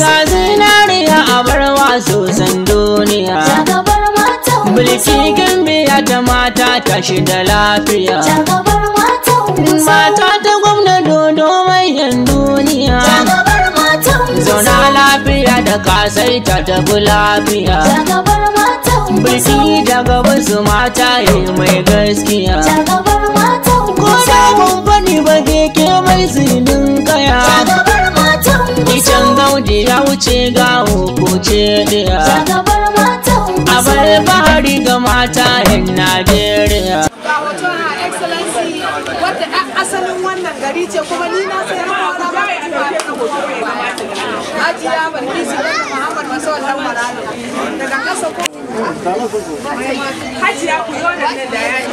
ga zinariya a barwa sosan duniya bilki gambiya ta mata tashi da lafiya mata ta gwamna dodo mayan duniya zauna lafiya da kasaita ta tafi lafiya bisi daga wasu mata yi mai gaskiya ko da mun bani ba keke mai zinin kaya Ican gaudi ya wuce ga hukuce ɗaya a bar bahari ga mata yan najeriya wadda asalin wannan gari ce kuma ni na sai ya ɗauke hajiya muhammad daga kasa ko hajiya ku yi wannan da yayi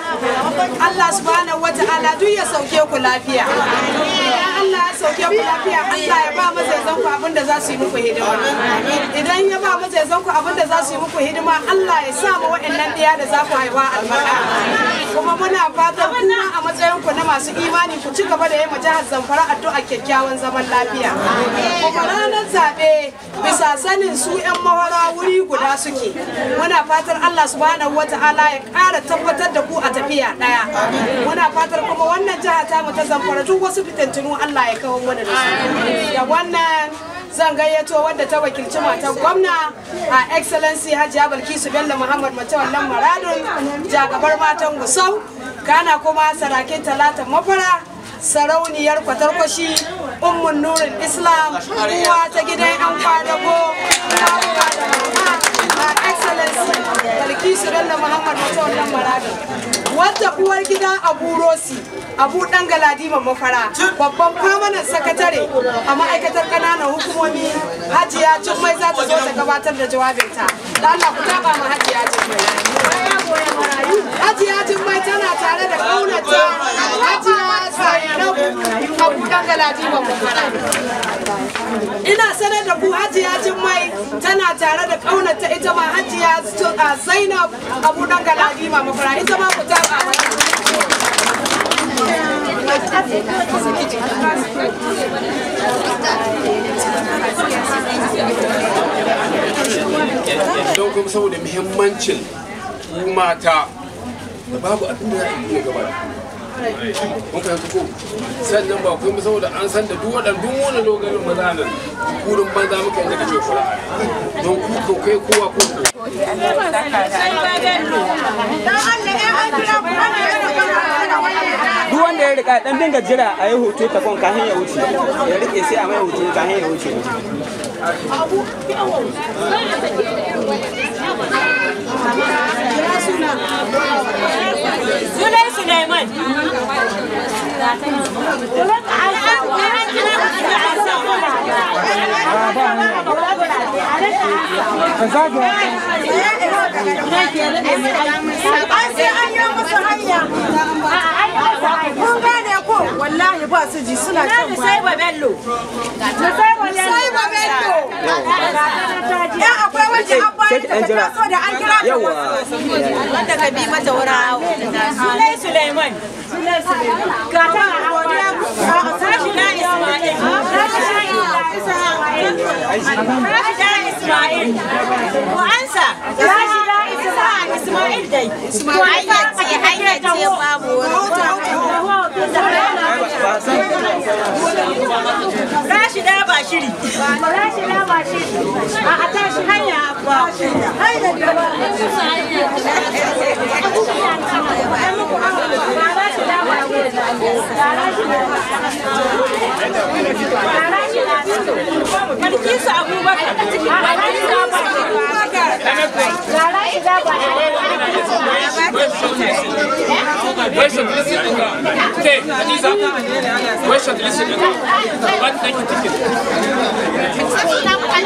Allah subhanahu wata'ala duk ya sauke ku lafiya idan Allah ya sauke ku lafiya Allah ya ba mazaizan ku abin da za su yi muku hidima idan ya ba mazaizan ku abin da za su yi muku hidima Allah ya sa mu wa'annan diya da za ku haifa albarka kuma muna fatan kuma a matsayin ku na masu imani ku ci gaba da yi jihar Zamfara addu'a kyakkyawan zaman lafiya kuma ranar zabe bisa sanin su 'yan mawara wuri guda suke muna fatar Allah subhanahu wata'ala ya ƙara tabbatar da ku a tafi tafiya daya muna fatar kuma wannan jiha ta mu ta zamfara duk wasu fitintunu Allah ya kawo mana da su da wannan zan gayyato wadda ta wakilci matan gwamna a excellency hajiya balkisu bello muhammad wannan maradun jagabar matan gusau kana kuma sarakin talata mafara sarauniyar kwatarkwashi ummun nurin islam uwa ta gidan an kwadago na Balkisu Bello Muhammad wata wannan Wata uwar gida Abu Rosi, Abu Dan Galadima Mafara, babban famanan sakatare a ma'aikatar ƙananan hukumomi Hajiya Jummai za ta zo ta gabatar da jawabinta. da Allah ku taba ma Hajiya Jummai. Hajiya mai tana tare da ƙaunata Hajiya Zainab Abu Dangaladi Mabukuɗan. Ina sanar da ku Hajiya mai tana tare da ƙaunata ita ma Hajiya Zainab Abu Dangaladi Mabukuɗan ita ma ku tara a Don kuma saboda muhimmancin ku mata da babu abin da za a yi gaba kun fahimta ko sannan ba ku kuma saboda an san da duk waɗanda duk wani dogarin maza nan kurin banza muka yadda da ke kula don ku ko kai kowa ko ko duk wanda ya rika dan dinga jira a yi hoto ta kon kahin ya wuce ya rike sai a mai hoto kahin ya wuce Sunan Suleiman. An sai an yi musu hanya. wallahi ba su ji suna can ba sai ba bello sai ba bello ya akwai waje an bayar da ta so da an kira ta wanda ka bi mata wura sulai suleiman ga ta a wariya a sashi na isma'il sashi na isma'il wa'ansa sashi na isma'il dai isma'il 好了，谢谢。a tashi hanya a Question listen to God. Okay, listen to What thank you to Ku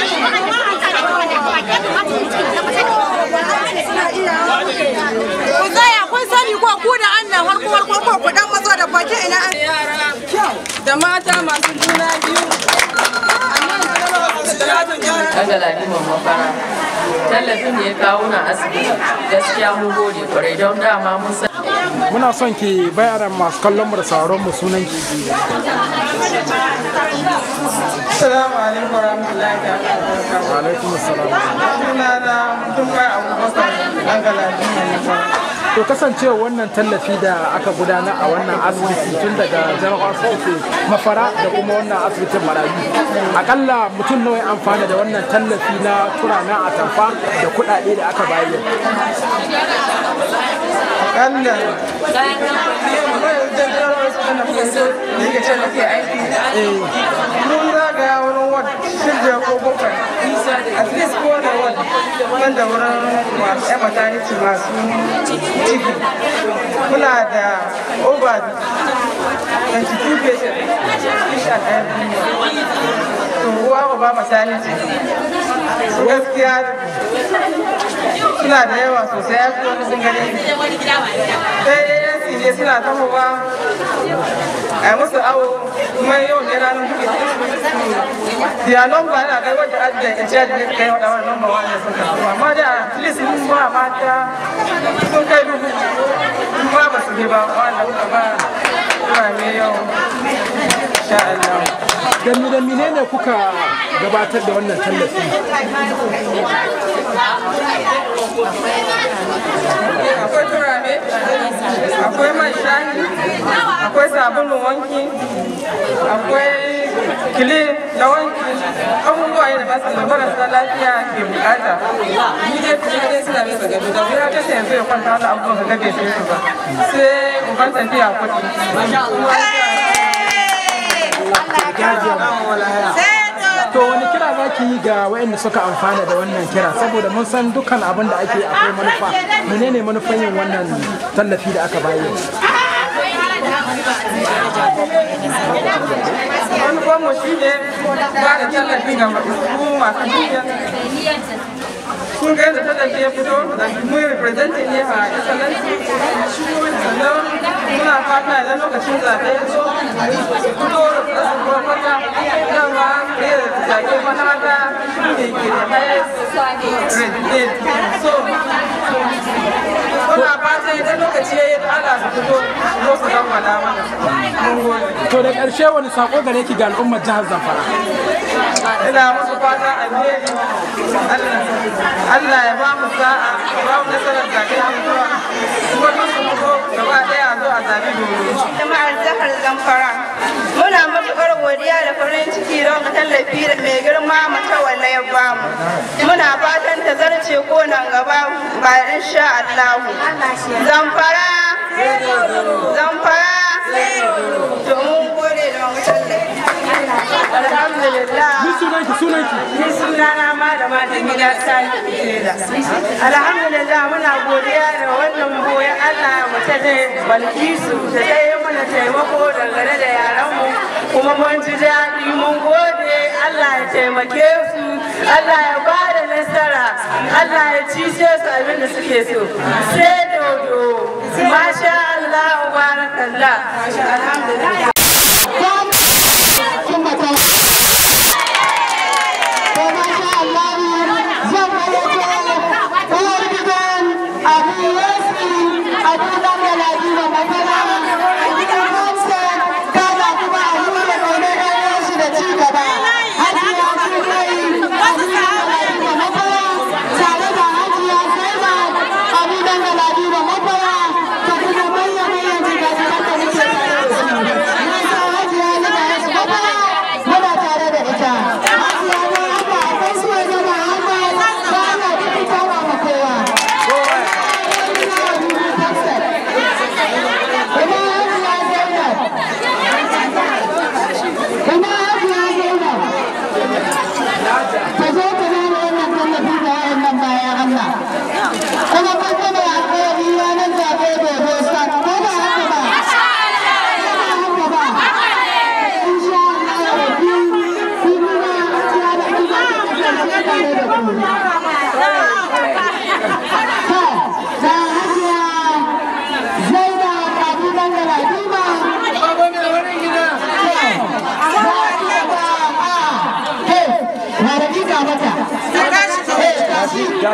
tsaya kun sani ko ku da annan harko harko ko ku dan mazo da baki ina an yara da mata masu juna biyu tallafin ne ya kawo na asibiti gaskiya mun gode kwarai don dama mun san muna son ki da masu kallon mu da sauran mu sunan ki Assalamu alaikum warahmatullahi wabarakatuh. Wa alaikum assalam. Sunana Abubakar ne to kasance wannan tallafi da aka gudana a wannan asibiti tun daga jarabar soke mafara da kuma wannan asibitin marayu akalla mutum nawa ya amfana da wannan tallafi na turana a tamfa da kuɗaɗe da aka bayar wannan da yake aiki mun zaga wani ko bakwai at least da da ciki muna da over 22 patients suna da yawa sosai ya fi wani sun gani ɗaya ne suna tahowa a musu awo kuma yau ne ranar buɗe ya lomba yana kai wadda adda in ce da kai wadda wani lomba wani sun kasuwa amma da at least mun ba mata sun kai dubu kuma ba su ne ba wanda kuka ba zuwa ne yau masha Allah dan mu dan menene kuka gabatar da wannan tallafi akwai turare akwai man shahi akwai sabulun wanki akwai kili na wanki abubuwa ne da masu marasa lafiya ke bukata ni dai kuma dai suna mai sa gado da wuya ta yanzu ya kwanta da abubuwan ka gabe shi ba sai uban tafiya kuɗi to wani kira za ki yi ga waɗanda suka amfana da wannan kira saboda mun san dukkan abin da ake akwai manufa menene manufan yin wannan tallafi da aka bayar manufan mu shi ne ba da tallafi ga masu masu kun ga da talaka ya fito da mu ne a excellency sannan muna fata idan lokacin ya zo fito da su kuma fata dama ne da zaɓe makaranta ne ke da highest rate so muna fata idan lokaci ya yi da ala su fito zo su dan faɗa To da karshe wani sako gare ki ga al'ummar jihar Zamfara. ina musu fata alheri Allah ya ba mu sa'a ba mu nasarar zaɓe mai zuwa kuma musu muku gaba ɗaya zo a zaɓi domin. Jama'ar jihar Zamfara muna matuƙar godiya da farin ciki don tallafi da mai girma mutawalla ya ba mu. Muna fatan ta zarce ko nan gaba ba insha Allah. Zamfara Zamfara to mun gode da mutum. alhamdulillah ni sunana malama da gida sani da alhamdulillah muna godiya da wannan boye Allah mu ta dai balkisu ta dai mana taimako dangane da yaran mu kuma mun ji daɗi mun gode Allah ya taimake su Allah ya ba da nasara Allah ya ci su abin da suke so sai dodo masha Allah barakallah alhamdulillah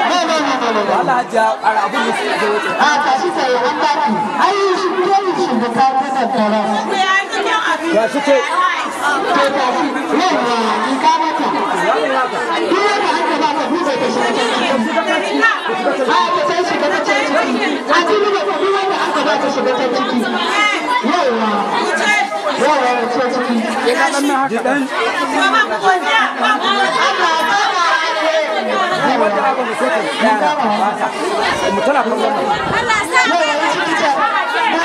wala hajja ara abun da suke a tashi sai an ba ai shi shi da ta ta da ya ka mata duk wanda aka ba ka buɗe ta shi a ta sai shi da ta ta shi ta ta ya ya mu tana kallon mu Allah yi ku ce ba ciki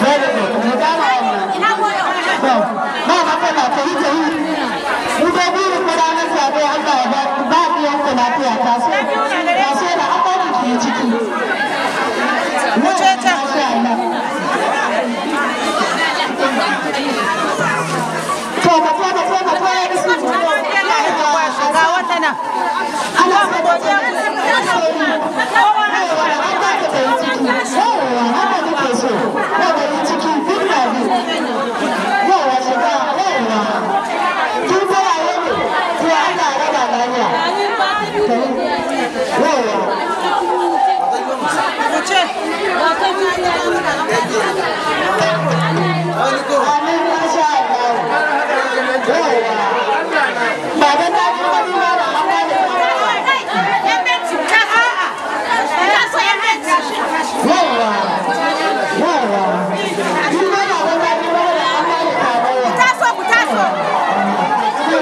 ba ba yi yi ciki Let's go.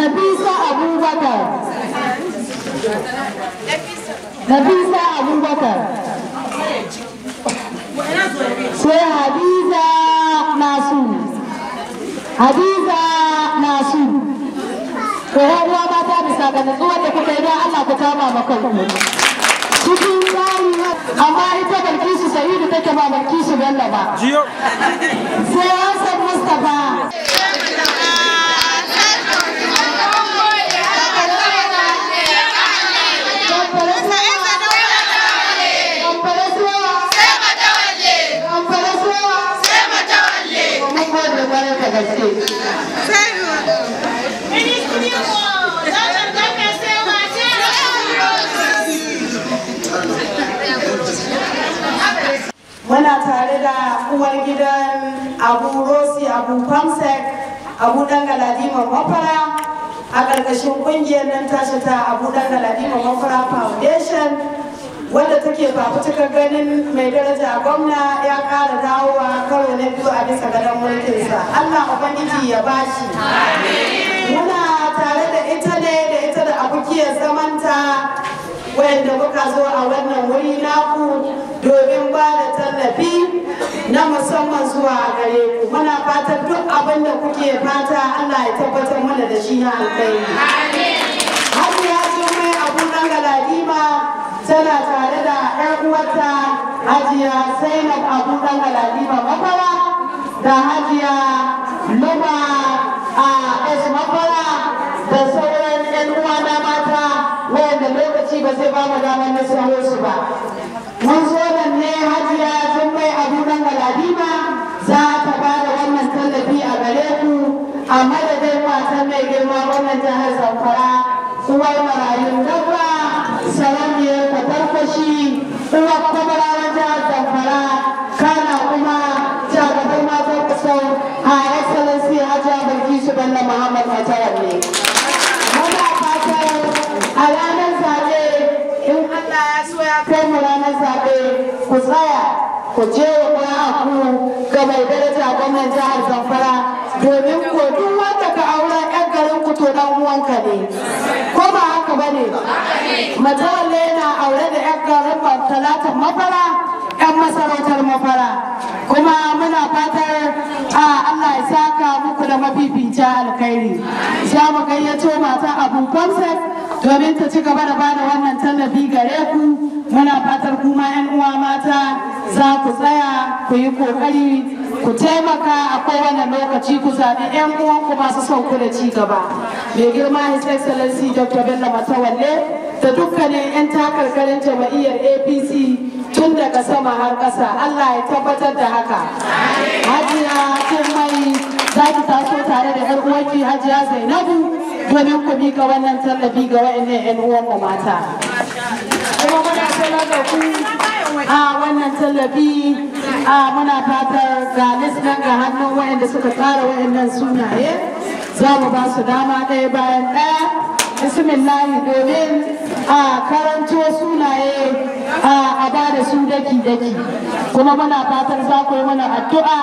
Nafisa Abubakar. Nafisa Abubakar. Sai Hadiza Nasu. Hadiza Nasu. Ko mata bisa ga nutsuwar da kuka yi Allah ku kama ma kanku. Cikin tsari amma ita Balkisu Sa'idu take ba Balkisu Bello ba. Sai Hassan Mustapha. gaske muna tare da uwar gidan abu rosi abu famsek abu dan galadima mafara a ƙarƙashin ƙungiyar nan tashi ta abu dan galadima mafara foundation Wanda take fafutukar ganin mai daraja gwamna ya kara dawowa karo na biyu a bisa gadon mulkinsa allah ubangiji ya bashi muna tare da ita ne da ita da abokiyar zamanta wanda muka zo a wannan wuri naku domin ba da tallafi na musamman zuwa gare ku muna fatan duk abinda kuke fata allah ya tabbatar mana da shi na alkhairi har ya zo mai abu galadima tana tare da ƴan uwarta hajiya zainab abu dan galadiba makara da hajiya luba a makara da sauran ƴan uwa na mata wayanda lokaci ba zai ba mu damar na su ba mun zo nan ne hajiya jummai abu dan galadiba za ta ba da wannan tallafi a gare ku a madadin wasan mai girma wannan jihar zamfara uwar marayun dabba salamiyar albashi uwa kwamarawan jihar zamfara kana kuma jagabar matan kusan a excellency hajiya bilkisu bello muhammad fatawar ne muna fatan a ranar zaɓe in allah ya so ya kai mu ranar zaɓe ku tsaya ku je wa ku ga mai daraja gwamnan jihar zamfara domin ko duk to dan uwanka ne ko ba haka ba ne matawalle na aure da yan garin talatin mafara yan masarautar mafara kuma muna fatar a Allah ya saka muku da mafifici alkhairi za mu gayyato mata abun kwamsek domin ta ci gaba da bada wannan tallafi gare ku muna fatar kuma yan uwa mata za ku tsaya ku yi kokari ku taimaka a kowane lokaci ku zaɓi 'yan uwanku masu sauku da ci gaba mai girma his excellency dr bello matawalle da dukkanin 'yan takarkarin jama'iyyar apc tun daga sama har kasa allah ya tabbatar da haka hajiya mai za ki taso tare da 'yan uwanki hajiya zainabu domin ku ga wannan tallafi ga wa'annan 'yan uwanmu mata kuma muna da ku a wannan tallafi a muna fatar ga nan ga hannun wa'anda suka tsara wa'annan sunaye za mu ba su dama ɗaya bayan ɗaya bismillahi domin a karanto sunaye a ba da su daki-daki kuma muna fatar za ku yi mana addu'a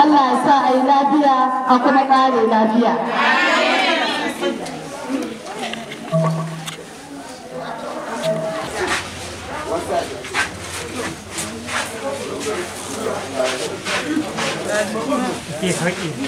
Allah ya sa a yi lafiya a kuma ƙare lafiya Yeah,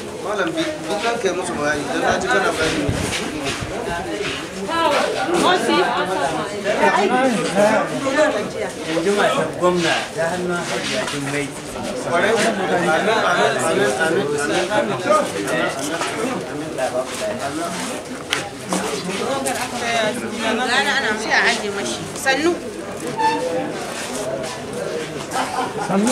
malam duk musu na gwamna ta hannun hajiya jin mai Sannu.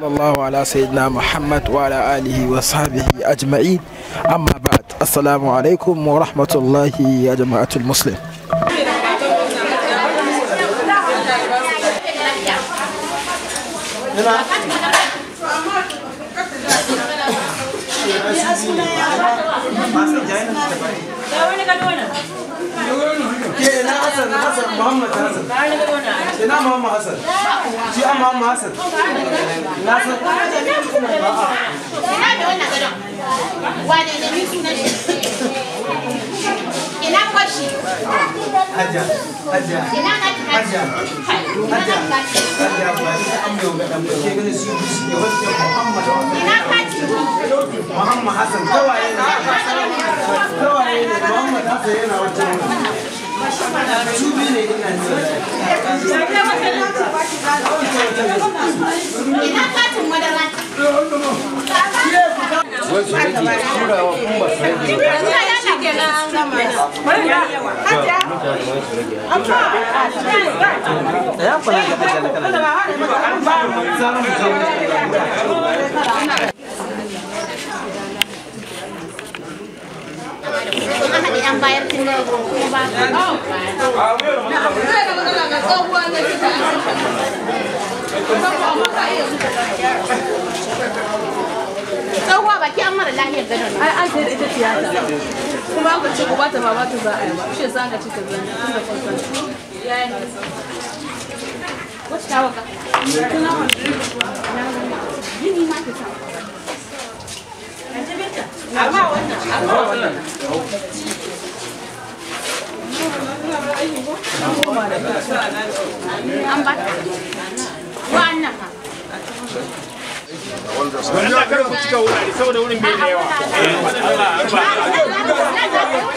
صلى الله على سيدنا محمد وعلى آله وصحبه أجمعين أما بعد السلام عليكم ورحمة الله يا جماعة المسلم ke ina hasan hasan muhammad hasan ina muhammad hasan shi an muhammad hasan na san ina da wannan gadon wane ne ni sunan ina kwashi haja haja ina na ki haja haja haja ba shi ne wannan muhammad ina kwashi muhammad hasan tawaye ne tawaye ne yana wata Ya kula da kala kala. in aka ɗan bayar kin da kuma ba ka na abu zai ka magana ga tsohuwa zai fi ta tsohuwa baki an mara lahiyar gadon ai an sai da ita tiyata kuma aka ce ku ba ta ba ta za a yi ba shi yasa aka ce ta zan tun da farkon yayin wacce ta waka? Yini ma ta sa. amma wannan amma wannan an ba wannan bai da yawa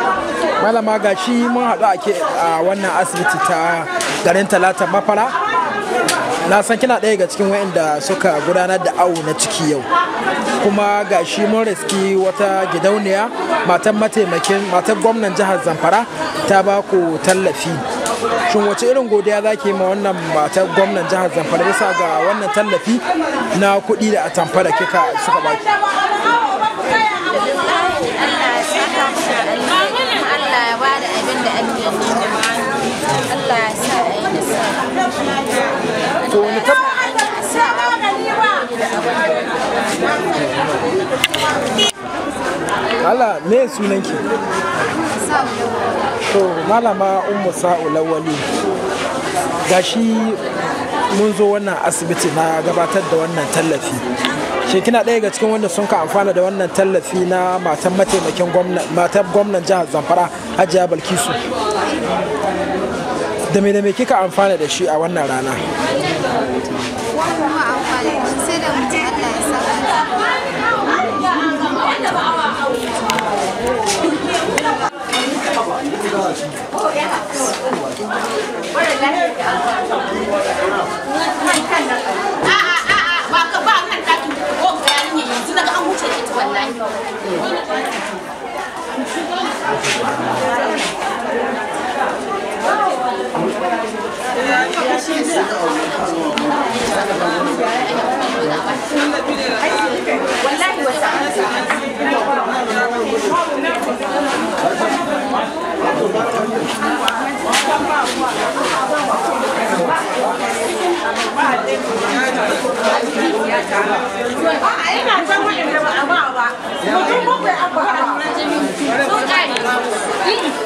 malama ga shi mun haɗu a wannan asibiti ta garin talata mafara na san kina ɗaya ga cikin wayanda suka gudanar da awo na ciki yau kuma ga shi mun riski wata gidauniya matan mataimakin matan gwamnan jihar zamfara ta ba ku tallafi shin wace irin godiya za ki ma wannan matan gwamnan jihar zamfara bisa ga wannan tallafi na kuɗi da a da kika suka baki da Allah me sunan ki? To malama Ummu Sa'ulawali gashi mun zo wannan asibiti na gabatar da wannan tallafi. shi kina ɗaya ga cikin wanda sun ka amfana da wannan tallafi na matan mataimakin matan gwamnan jihar zamfara hajiya balkisu da me da me kika amfana da shi a wannan rana Oh, yeah. 我来，我来。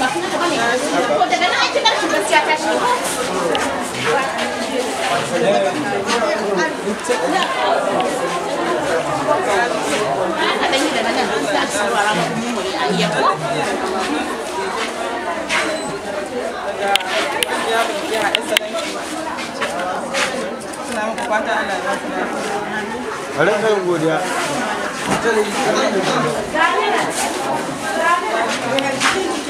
Ada yang dia.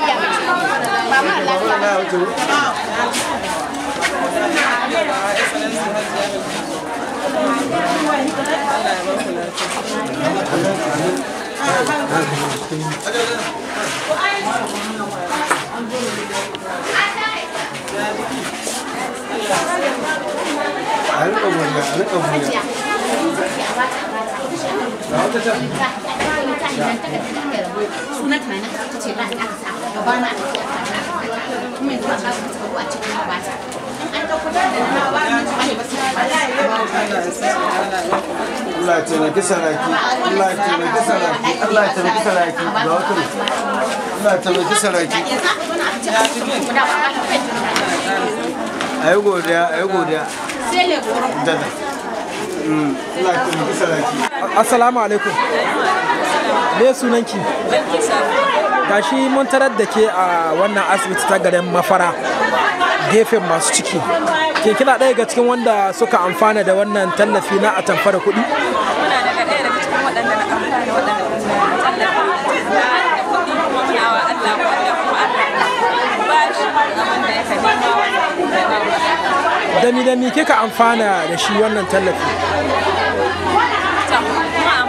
lăn dầm bấm là lăn dầm Hãy subscribe cho kênh Ghiền Mì Gõ Để không bỏ lỡ những video hấp dẫn 然后在这，你看，你看这个这个，出那台呢，就去烂大扫。gabana a cikin kuma yanzu ba ka su tsaro a cikin gabata in an ɗauko da na ba na ci bane ba su ba za a ba Allah ya taimaki saraki Allah ya taimaki saraki Allah ya taimaki saraki ga wata Allah ya taimaki saraki ayi godiya ayi godiya sai ne goro dada Allah ya taimaki saraki assalamu alaikum me sunanki gashi mun tarar da ke a wannan asibiti ta garin mafara gefen masu ciki ke kina ɗaya ga cikin wanda suka amfana da wannan tallafi na a da kuɗi dami-dami ke ka amfana da shi wannan tallafi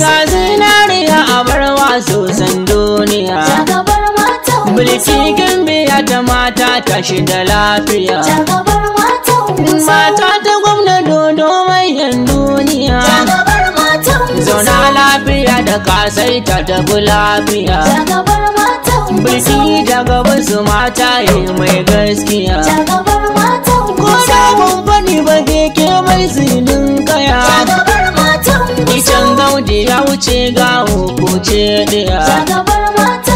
na zinariya a barwa sosan Mata ta shi da lafiya. mata ta gwamna dodo mai yan duniya. Zauna lafiya da kasai ta tafi lafiya. Jagabar mata Biki daga wasu mata yi mai gaskiya. Jagabar Ko da mun fani ba ke mai zinin kaya. Jagabar Kicin gaudi ya wuce ga hukuce ɗaya. Jagabar mata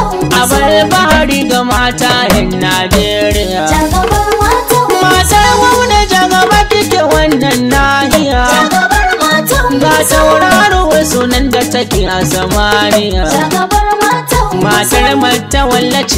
alfahari ga mata yan Najeriya. Mata wauda jagaba kike wannan nahiya. ba sauraro wasu nan da take a samaniya. masar mata wallace.